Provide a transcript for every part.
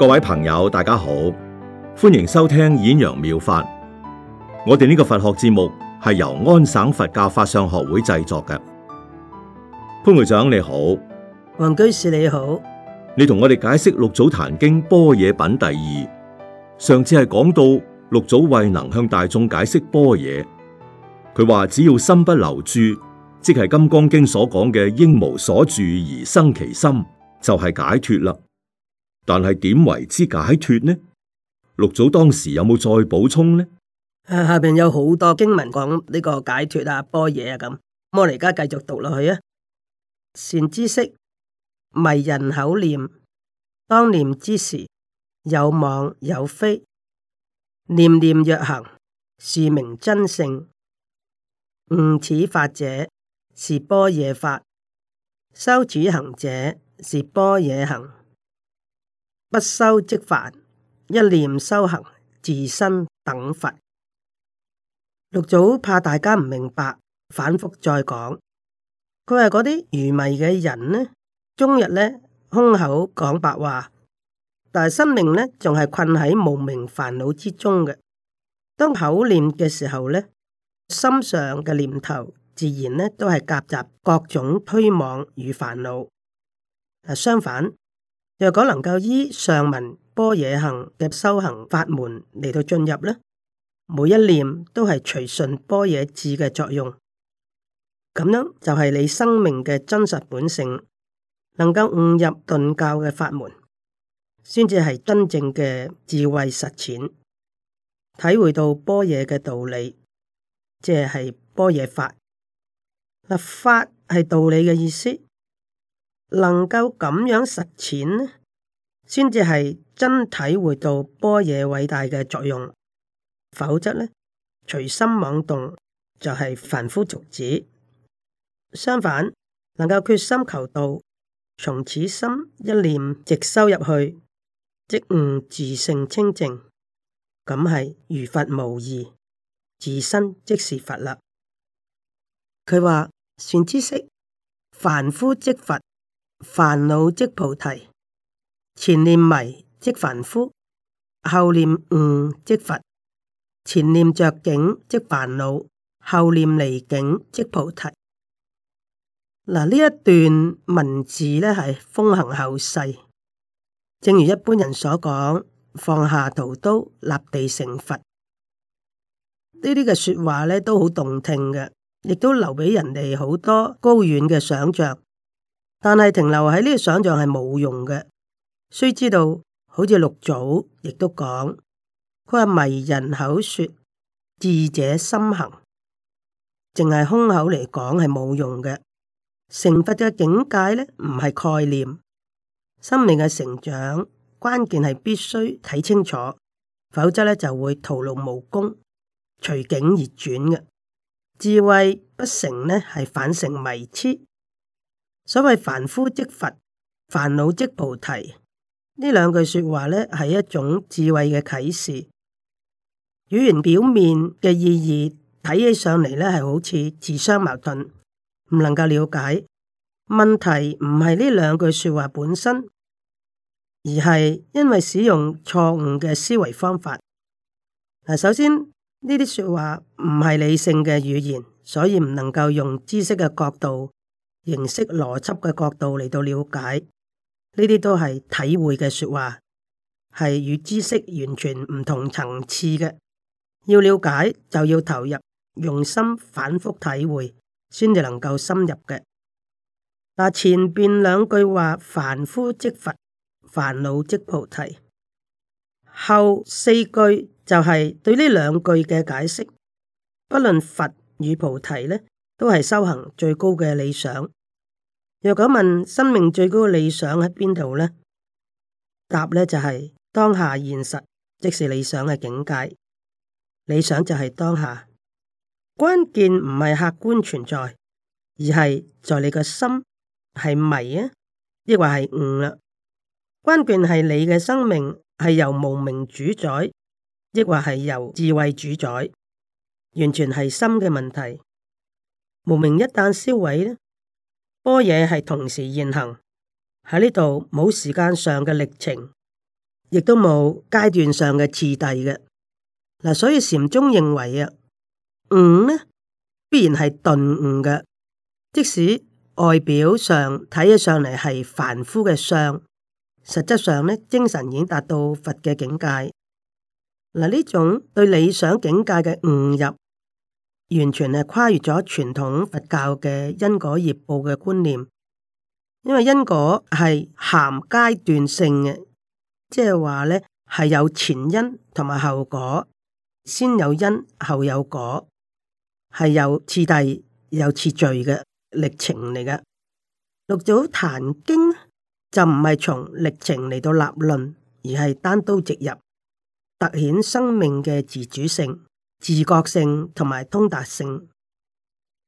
各位朋友，大家好，歡迎收聽演揚妙，妙法。我哋呢個佛學節目係由安省佛教法相學會製作嘅。潘會長你好，黃居士你好，你同我哋解釋六祖壇經般若品第二。上次係講到六祖慧能向大眾解釋般若，佢話只要心不留住，即係金剛經所講嘅應無所住而生其心，就係、是、解脫啦。但係點為之解脱呢？六祖當時有冇再補充呢？啊、下邊有好多經文講呢個解脱啊、般若啊咁。我哋而家繼續讀落去啊。善知識，迷人口念，當念之時，有妄有非。念念若行，是名真性。悟此法者，是般若法；修此行者，是般若行。不修即凡，一念修行，自身等佛。六祖怕大家唔明白，反覆再講。佢話嗰啲愚迷嘅人呢，終日呢空口講白話，但係生命呢仲係困喺無明煩惱之中嘅。當口念嘅時候呢，心上嘅念頭自然呢都係夾雜各種推妄與煩惱。啊，相反。若果能夠依上文般若行嘅修行法門嚟到進入呢，每一念都係隨順般若智嘅作用，咁樣就係你生命嘅真實本性，能夠悟入頓教嘅法門，先至係真正嘅智慧實踐，體會到般若嘅道理，即係般若法。嗱，法係道理嘅意思。能夠咁樣實踐先至係真體會到般若偉大嘅作用；否則咧，隨心妄動就係凡夫俗子。相反，能夠決心求道，從此心一念直收入去，即悟自性清淨，咁係如佛無疑，自身即是佛啦。佢話：善知識，凡夫即佛。煩惱即菩提，前念迷即凡夫，後念悟即佛。前念着境即煩惱，後念離境即菩提。嗱，呢一段文字呢係風行後世，正如一般人所講：放下屠刀，立地成佛。呢啲嘅說話呢都好動聽嘅，亦都留畀人哋好多高遠嘅想象。但係停留喺呢個想象，係冇用嘅，雖知道好似六祖亦都講，佢話迷人口說，智者心行，淨係空口嚟講係冇用嘅。成佛嘅境界咧，唔係概念，心靈嘅成長關鍵係必須睇清楚，否則咧就會徒勞無功，隨境而轉嘅智慧不成咧，係反成迷痴。所謂凡夫即佛，煩惱即菩提，呢兩句說話呢係一種智慧嘅啟示。語言表面嘅意義睇起上嚟，呢係好似自相矛盾，唔能夠了解。問題唔係呢兩句說話本身，而係因為使用錯誤嘅思維方法。嗱，首先呢啲說話唔係理性嘅語言，所以唔能夠用知識嘅角度。形式邏輯嘅角度嚟到了解，呢啲都係體會嘅說話，係與知識完全唔同層次嘅。要了解就要投入用心反覆體會，先至能夠深入嘅。嗱，前邊兩句話，凡夫即佛，煩惱即菩提。後四句就係對呢兩句嘅解釋。不論佛與菩提呢？都係修行最高嘅理想。若果問生命最高嘅理想喺邊度呢？答呢就係、是、當下現實，即是理想嘅境界。理想就係當下，關鍵唔係客觀存在，而係在你個心係迷啊，抑或係悟啦。關鍵係你嘅生命係由無明主宰，抑或係由智慧主宰，完全係心嘅問題。無明一旦消毀呢，般若係同時現行，喺呢度冇時間上嘅歷程，亦都冇階段上嘅次第嘅。嗱，所以禪宗認為啊，悟呢必然係頓悟嘅，即使外表上睇起上嚟係凡夫嘅相，實質上呢精神已經達到佛嘅境界。嗱，呢種對理想境界嘅悟入。完全係跨越咗傳統佛教嘅因果業報嘅觀念，因為因果係含階段性嘅，即係話咧係有前因同埋後果，先有因後有果，係有次第有次序嘅歷程嚟嘅。六祖壇經就唔係從歷程嚟到立論，而係單刀直入，突顯生命嘅自主性。自覺性同埋通達性，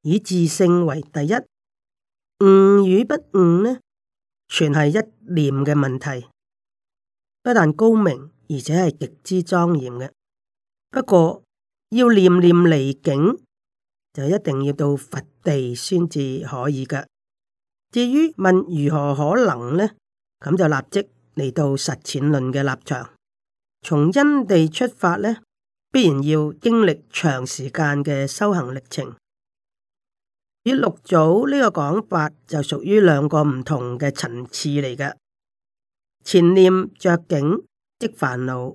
以自性為第一。悟、嗯、與不悟、嗯、呢，全係一念嘅問題。不但高明，而且係極之莊嚴嘅。不過要念念離境，就一定要到佛地先至可以㗎。至於問如何可能呢？咁就立即嚟到實踐論嘅立場，從因地出發呢，必然要經歷長時間嘅修行歷程。以六祖呢個講法就屬於兩個唔同嘅層次嚟嘅。前念着境即煩惱，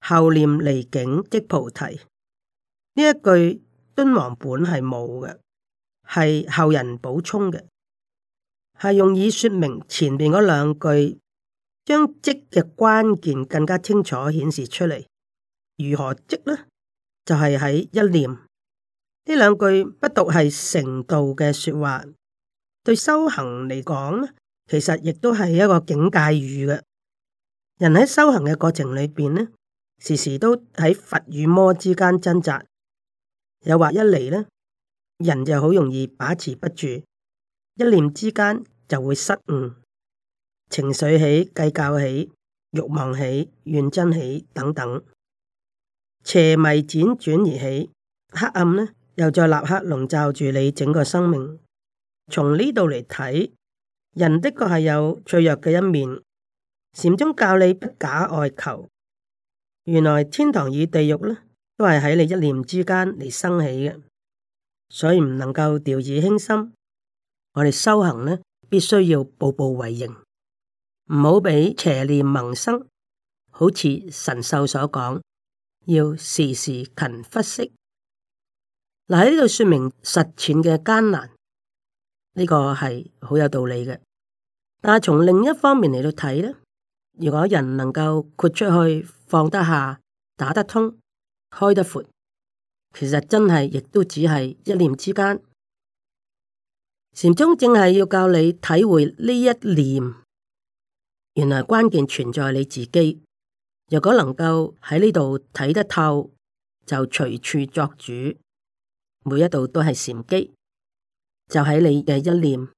後念離境即菩提。呢一句敦煌本係冇嘅，係後人補充嘅，係用以說明前面嗰兩句，將即嘅關鍵更加清楚顯示出嚟。如何即呢？就係、是、喺一念呢兩句不獨係成道嘅說話，對修行嚟講呢，其實亦都係一個警戒語嘅，人喺修行嘅過程裏邊呢，時時都喺佛與魔之間掙扎，又或一嚟呢，人就好容易把持不住，一念之間就會失誤，情緒起、計較起、欲望起、怨憎起等等。邪迷輾轉而起，黑暗呢又再立刻籠罩住你整個生命。從呢度嚟睇，人的確係有脆弱嘅一面。禪宗教你不假外求，原來天堂與地獄呢都係喺你一念之間嚟生起嘅，所以唔能夠掉以輕心。 我哋修行呢必須要步步為營，唔好俾邪念萌生。好似神秀所講。要時時勤拂拭。嗱，喺呢度說明實踐嘅艱難，呢個係好有道理嘅。但係從另一方面嚟到睇咧，如果人能夠豁出去，放得下，打得通，開得闊，其實真係亦都只係一念之間。禪宗正係要教你體會呢一念，原來關鍵存在你自己。如果能夠喺呢度睇得透，就隨處作主，每一度都係禪機，就喺你嘅一念。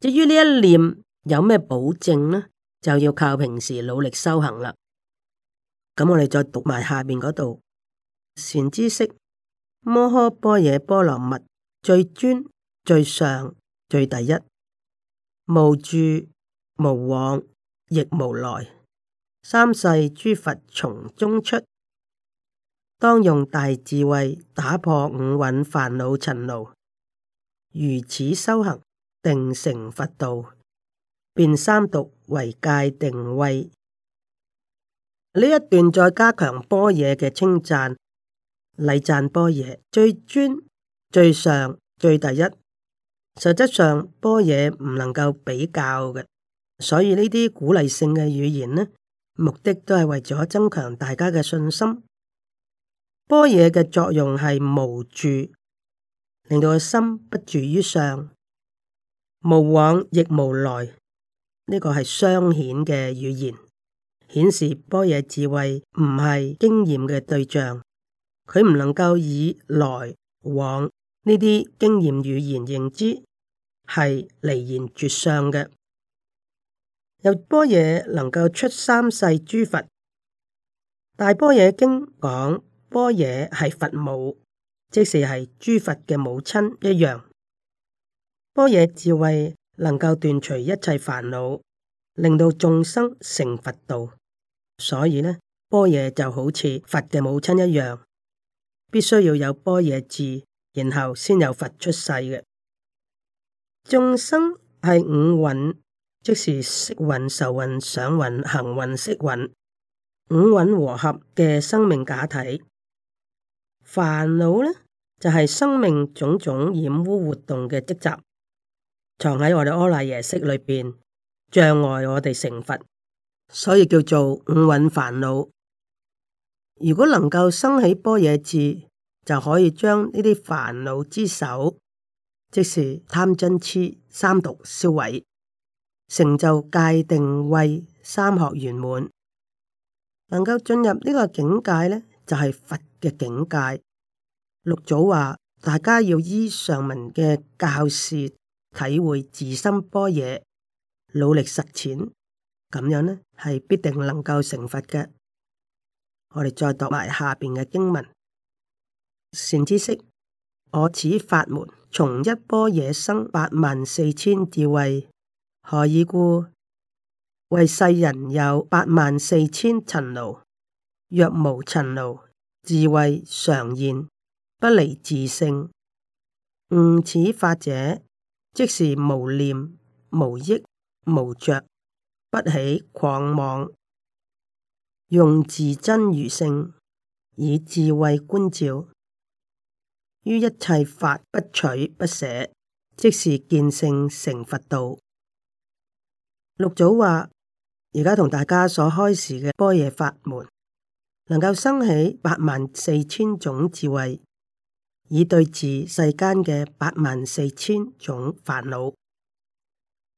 至於呢一念有咩保證呢？就要靠平時努力修行啦。咁我哋再讀埋下邊嗰度善知識：摩訶波耶波羅蜜，最尊最上最第一，無住無往亦無來。三世諸佛從中出，當用大智慧打破五蘊煩惱塵勞，如此修行定成佛道，變三毒為戒定慧。呢一段再加強般若嘅稱讚，禮讚般若最尊最上最第一。實質上般若唔能夠比較嘅，所以呢啲鼓勵性嘅語言呢？目的都係為咗增強大家嘅信心。般若嘅作用係無住，令到個心不住於上，無往亦無來。呢、這個係彰顯嘅語言，顯示般若智慧唔係經驗嘅對象，佢唔能夠以來往呢啲經驗語言認知，係離言絕相嘅。有般若能夠出三世諸佛，大般若經講般若係佛母，即是係諸佛嘅母親一樣。般若智慧能夠斷除一切煩惱，令到眾生成佛道。所以呢，般若就好似佛嘅母親一樣，必須要有般若智，然後先有佛出世嘅。眾生係五蘊。即是色蘊、受蘊、想蘊、行蘊、識蘊五蘊和合嘅生命假體。煩惱呢，就係、是、生命種種染污活動嘅積集，藏喺我哋阿賴耶識裏邊，障礙我哋成佛，所以叫做五蘊煩惱。如果能夠生起般若智，就可以將呢啲煩惱之首，即是貪、嗔、痴，三毒，燒毀。成就戒定慧三學圓滿，能夠進入呢個境界呢，就係、是、佛嘅境界。六祖話：大家要依上文嘅教說，體會自心般若，努力實踐，咁樣呢係必定能夠成佛嘅。我哋再讀埋下邊嘅經文：善知識，我此法門，從一般若生八萬四千智慧。何以故？為世人有八萬四千塵勞，若無塵勞，智慧常現，不離自性。悟此法者，即是無念、無益無、無着、不起狂妄，用自真如性以智慧觀照，於一切法不取不捨，即是見性成佛道。六祖話：而家同大家所開示嘅般若法門，能夠生起八萬四千種智慧，以對治世間嘅八萬四千種煩惱，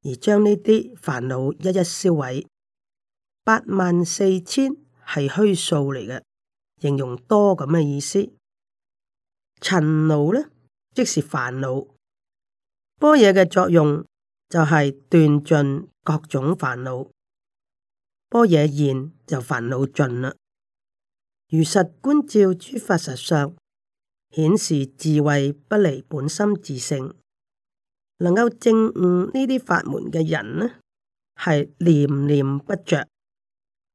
而將呢啲煩惱一一銷毀。八萬四千係虛數嚟嘅，形容多咁嘅意思。塵勞咧，即是煩惱。般若嘅作用。就係斷盡各種煩惱，般若現就煩惱盡啦。如實觀照諸法實相，顯示智慧不離本心自性，能夠正悟呢啲法門嘅人呢，係念念不着，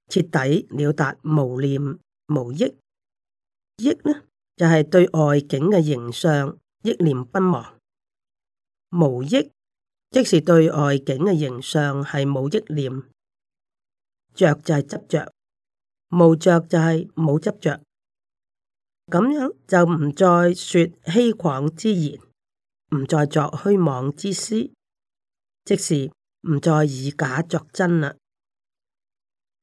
徹底了達無念無憶憶呢，就係、是、對外境嘅形象憶念不忘，無憶。即是對外境嘅形象係冇憶念，着就係執着，無着就係冇執着，咁樣就唔再說虛誑之言，唔再作虛妄之思，即是唔再以假作真啦。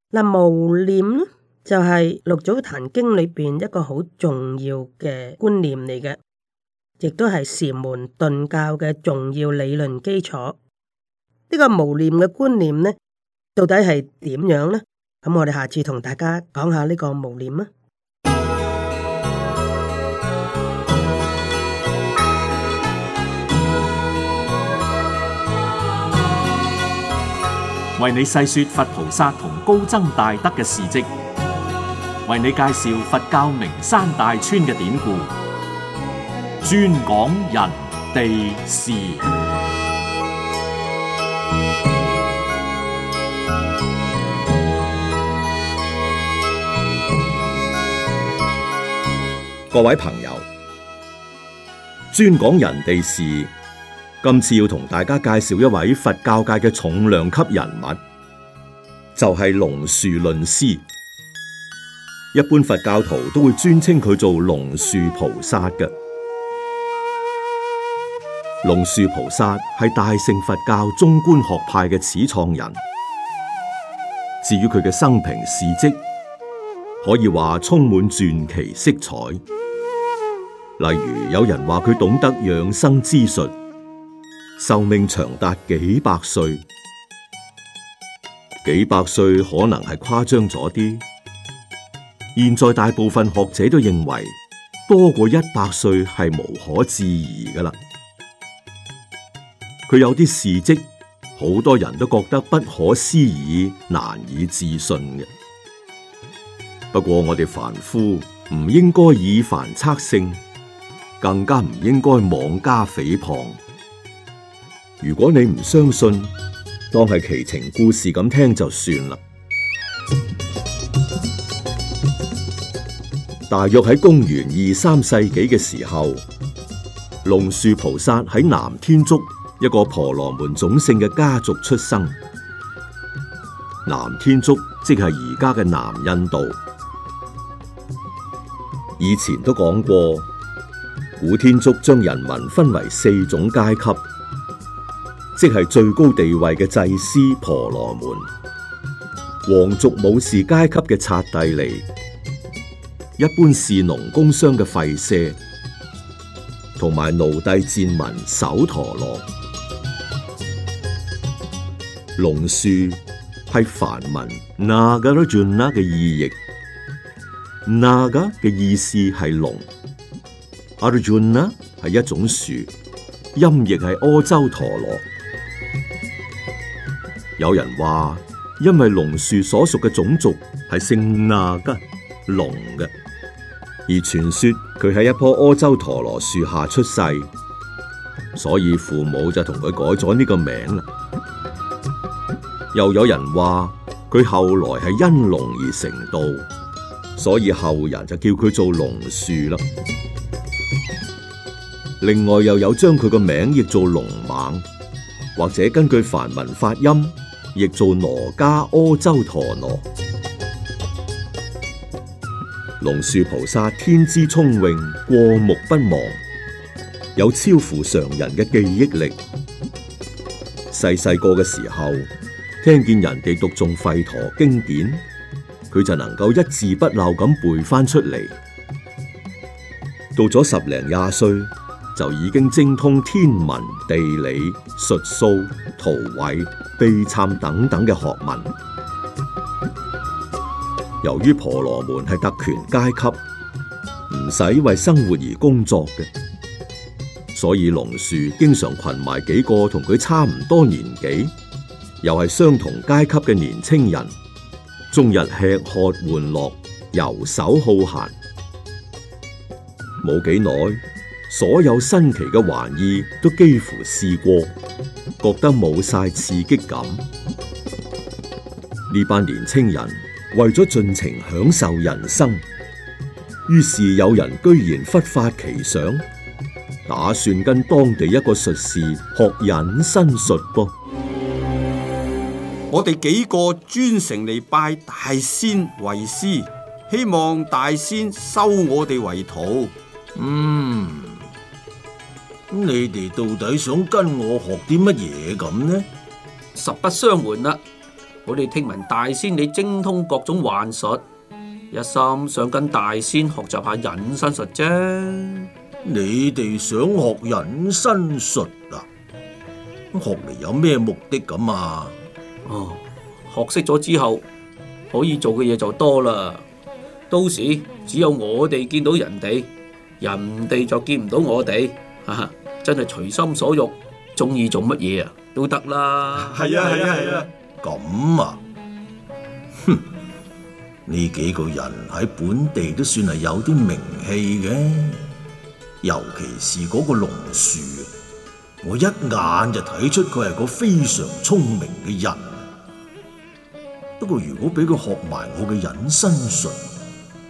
嗱，無念呢就係六祖壇經裏邊一個好重要嘅觀念嚟嘅。亦都係禪門頓教嘅重要理論基礎。呢個無念嘅觀念呢，到底係點樣呢？咁我哋下次同大家講下呢個無念啊！為你細說佛菩薩同高僧大德嘅事跡，為你介紹佛教名山大川嘅典故。專講人地事，各位朋友，專講人地事。今次要同大家介紹一位佛教界嘅重量級人物，就係龍樹論師。一般佛教徒都會尊稱佢做龍樹菩薩嘅。龍樹菩薩係大乘佛教中觀學派嘅始創人。至於佢嘅生平事跡，可以話充滿傳奇色彩。例如，有人話佢懂得養生之術，壽命長達幾百歲。幾百歲可能係誇張咗啲。現在大部分學者都認為，多過一百歲係無可置疑㗎喇。佢有啲事跡，好多人都覺得不可思議、難以置信嘅。不過我哋凡夫唔應該以凡測聖，更加唔應該妄加誹謗。如果你唔相信，當係奇情故事咁聽就算啦。大約喺公元二三世紀嘅時候，龍樹菩薩喺南天竺。一個婆羅門種姓嘅家族出生，南天竺即係而家嘅南印度。以前都講過，古天竺將人民分為四種階級，即係最高地位嘅祭司婆羅門，皇族武士階級嘅剎帝利，一般是農工商嘅吠舍，同埋奴隸賤民首陀羅。龍樹係梵文，那嘎拉俊拉嘅意譯，那嘎嘅意思係龍，阿拉俊拉係一種樹，音譯係歐洲陀羅。有人話，因為龍樹所屬嘅種族係姓那嘎龍嘅，而傳說佢喺一棵歐洲陀羅樹下出世，所以父母就同佢改咗呢個名啦。又有人話佢後來係因龍而成道，所以後人就叫佢做龍樹啦。另外又有將佢個名譯做龍猛，或者根據梵文發音譯做羅家柯州陀羅。龍樹菩薩天資聰穎，過目不忘，有超乎常人嘅記憶力。細細個嘅時候，聽見人哋讀誦吠陀經典，佢就能夠一字不漏咁背翻出嚟。到咗十零廿歲，就已經精通天文、地理、術數、圖位、秘參等等嘅學問。由於婆羅門係特權階級，唔使為生活而工作嘅，所以龍樹經常群埋幾個同佢差唔多年紀。又係相同階級嘅年青人，終日吃喝玩樂，遊手好閒。冇幾耐，所有新奇嘅玩意都幾乎試過，覺得冇晒刺激感。呢班年青人為咗盡情享受人生，於是有人居然忽發奇想，打算跟當地一個術士學隱身術噃。我哋幾個專程嚟拜大仙為師，希望大仙收我哋為徒。嗯，你哋到底想跟我學啲乜嘢咁呢？實不相瞞啦，我哋聽聞大仙你精通各種幻術，一心想跟大仙學習下隱身術啫。你哋想學隱身術啊？學嚟有咩目的咁啊？哦，學識咗之後，可以做嘅嘢就多啦。到時只有我哋見到人哋，人哋就見唔到我哋。哈哈，真係隨心所欲，中意做乜嘢啊都得啦。係啊係啊係啊，咁啊，啊，啊， 啊，哼，呢幾個人喺本地都算係有啲名氣嘅，尤其是嗰個龍樹，我一眼就睇出佢係個非常聰明嘅人。不過如果俾佢學埋我嘅隱身術，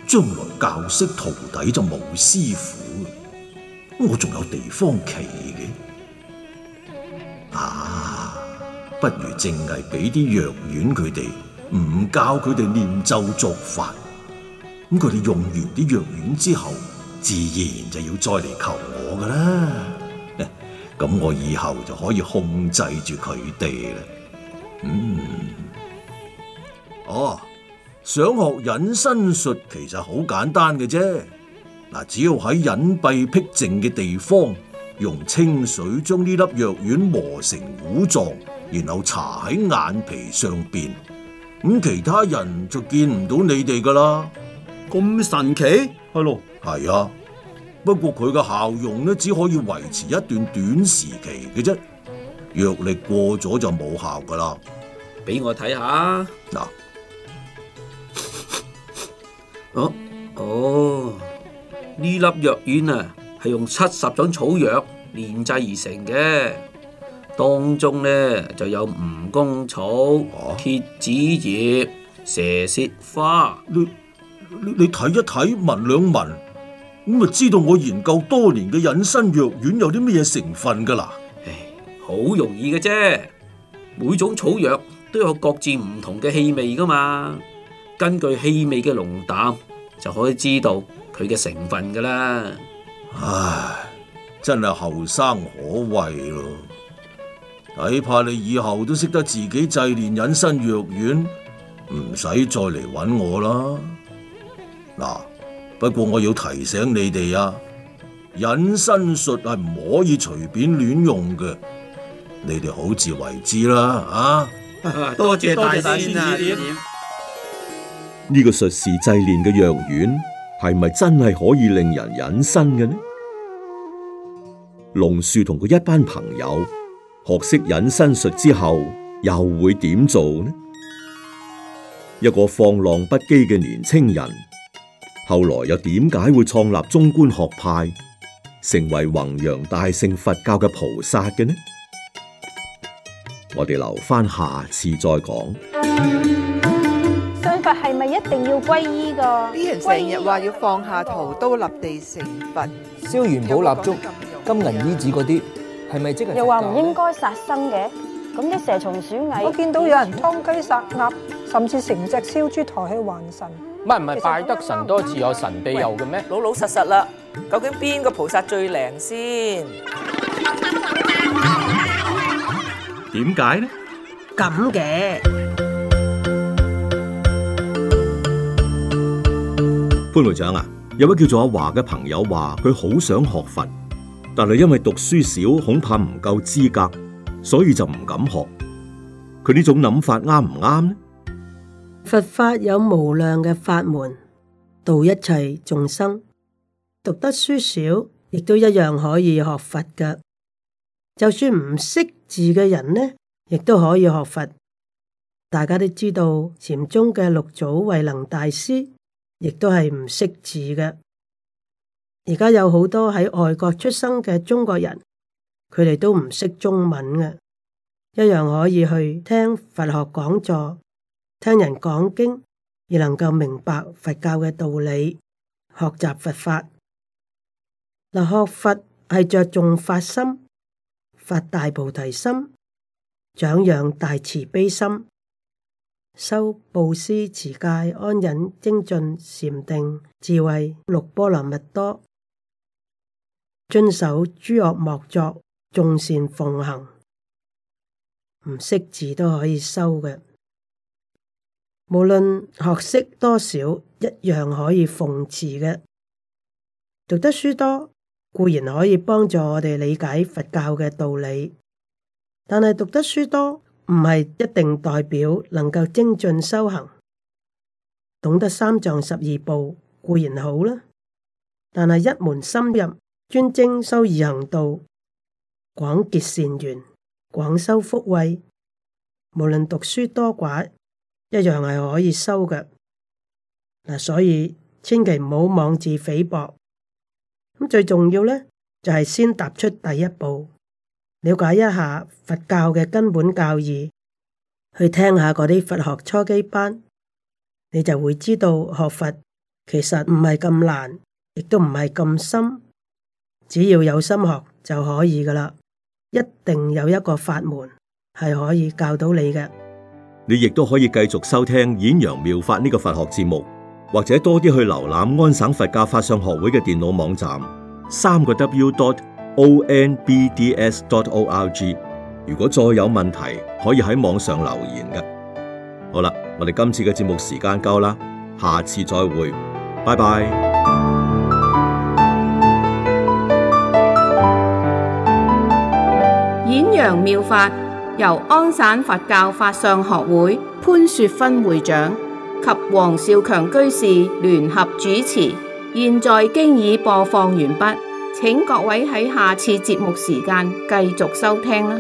將來教識徒弟就冇師傅。我仲有地方企嘅啊，不如淨係俾啲藥丸佢哋，唔教佢哋念咒作法。咁佢哋用完啲藥丸之後，自然就要再嚟求我噶啦。咁我以後就可以控制住佢哋啦。嗯。哦、啊，想學隱身術其實好簡單嘅啫。嗱，只要喺隱蔽僻靜嘅地方，用清水將呢粒藥丸磨成糊狀，然後搽喺眼皮上邊，咁其他人就見唔到你哋噶啦。咁神奇係咯？係 Hello. 啊，不過佢嘅效用呢，只可以維持一段短時期嘅啫。藥力過咗就冇效噶啦。俾我睇下嗱。啊啊、哦，呢粒藥丸啊，係用七十種草藥煉製而成嘅，當中咧就有蜈蚣草、鐵、啊、子葉、蛇舌花。你睇一睇聞兩聞，咁啊知道我研究多年嘅隱身藥丸有啲咩嘢成分噶啦？唉，好容易嘅啫，每種草藥都有各自唔同嘅氣味噶嘛，根據氣味嘅濃淡，就可以知道佢嘅成分噶啦。唉，真係後生可畏咯！睇怕你以後都識得自己製煉隱身藥丸，唔使再嚟搵我啦。嗱，不過我要提醒你哋啊，隱身術係唔可以隨便亂用嘅。你哋好自為之啦！啊，多謝大仙啊！謝呢個術士製練嘅藥丸係咪真係可以令人隱身嘅呢？龍樹同佢一班朋友學識隱身術之後，又會點做呢？一個放浪不羈嘅年輕人，後來又點解會創立中觀學派，成為弘揚大乘佛教嘅菩薩嘅呢？我哋留返下次再講。係咪一定要皈依噶？啲人成日話要放下屠刀立地成佛，燒元寶蠟燭、金銀衣紙嗰啲，係咪即係？又話唔應該殺生嘅，咁啲蛇蟲鼠蟻，我見到有人劏雞殺鴨，甚至成隻燒豬抬去還神。唔係唔係，拜得神多自有神庇佑嘅咩？老老實實啦，究竟邊個菩薩最靈先？點解呢？咁嘅。潘會長啊，有位叫做阿華嘅朋友話佢好想學佛，但係因為讀書少，恐怕唔夠資格，所以就唔敢學。佢呢種諗法啱唔啱呢？佛法有無量嘅法門，度一切眾生。讀得書少，亦都一樣可以學佛㗎。就算唔識字嘅人呢，亦都可以學佛。大家都知道禪宗嘅六祖慧能大師。亦都係唔識字嘅。而家有好多喺外國出生嘅中國人，佢哋都唔識中文嘅，一樣可以去聽佛學講座，聽人講經，而能夠明白佛教嘅道理，學習佛法。嗱，學佛係着重發心，發大菩提心，長養大慈悲心。修布施、持戒、安忍、精進、禪定、智慧，六波羅蜜多。遵守諸惡莫作，眾善奉行。唔識字都可以修嘅，無論學識多少，一樣可以奉持嘅。讀得書多固然可以幫助我哋理解佛教嘅道理，但係讀得書多。唔係一定代表能夠精進修行，懂得三藏十二部固然好啦，但係一門深入專精修二行道，廣結善緣，廣修福慧，無論讀書多寡，一樣係可以修嘅。嗱，所以千祈唔好妄自菲薄。咁最重要咧，就係先踏出第一步。了解一下佛教嘅根本教義，去聽下嗰啲佛學初基班，你就會知道學佛其實唔係咁難，亦都唔係咁深，只要有心學就可以噶啦。一定有一個法門係可以教到你嘅。你亦都可以繼續收聽《演揚妙法》呢個佛學節目，或者多啲去瀏覽安省佛教法相學會嘅電腦網站，三個 W dot。onbds.dot.org，如果再有問題可以喺網上留言㗎。好啦，我哋今次嘅節目時間夠啦，下次再會，拜拜。演揚妙法由安省佛教法相學會潘雪芬會長及黃少強居士聯合主持，現在經已播放完畢。請各位喺下次節目時間繼續收聽啦。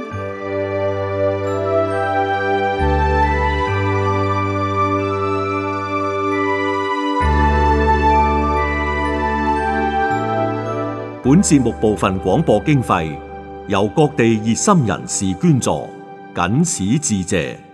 本節目部分廣播經費由各地熱心人士捐助，謹此致謝。